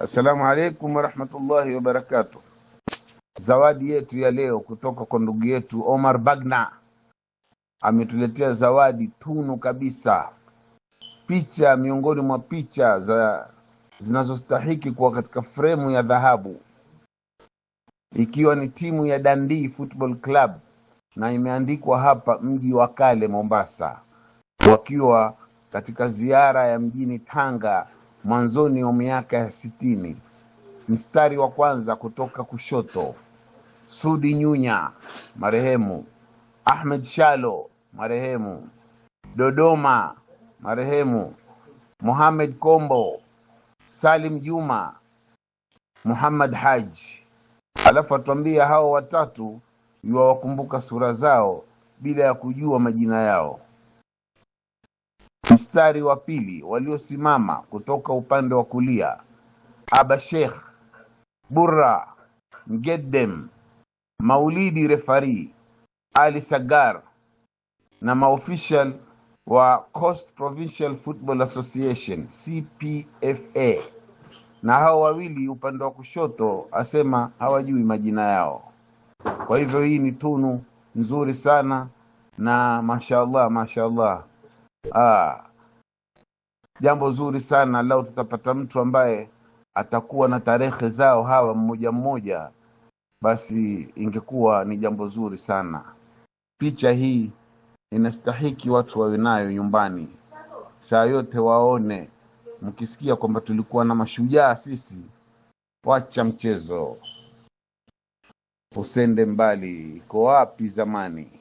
Assalamu alaikum warahmatullahi wabarakatuh. Zawadi yetu ya leo kutoka kwa ndugu yetu Omar Bagna ametuletea zawadi tunu kabisa, picha miongoni mwa picha za zinazostahiki kuwa katika fremu ya dhahabu, ikiwa ni timu ya Dundee Football Club na imeandikwa hapa mji wa kale Mombasa, wakiwa katika ziara ya mjini Tanga mwanzoni wa miaka ya sitini. Mstari wa kwanza kutoka kushoto: Sudi Nyunya marehemu, Ahmed Shalo marehemu, Dodoma marehemu, Mohamed Kombo, Salim Juma, Muhammad Haji. Alafu atuambia hao watatu iwawakumbuka sura zao bila ya kujua majina yao. Mstari wa pili, waliosimama kutoka upande wa kulia: Aba Sheikh Burra Ngedem Maulidi Refari, Ali Sagar na maofishal wa Coast Provincial Football Association CPFA, na hao wawili upande wa kushoto asema hawajui majina yao. Kwa hivyo hii ni tunu nzuri sana na mashaallah, mashaallah. Ah, jambo zuri sana. Lau tutapata mtu ambaye atakuwa na tarehe zao hawa mmoja mmoja, basi ingekuwa ni jambo zuri sana. Picha hii inastahiki watu wawe nayo nyumbani saa yote, waone mkisikia kwamba tulikuwa na mashujaa sisi. Wacha mchezo usende mbali, iko wapi zamani?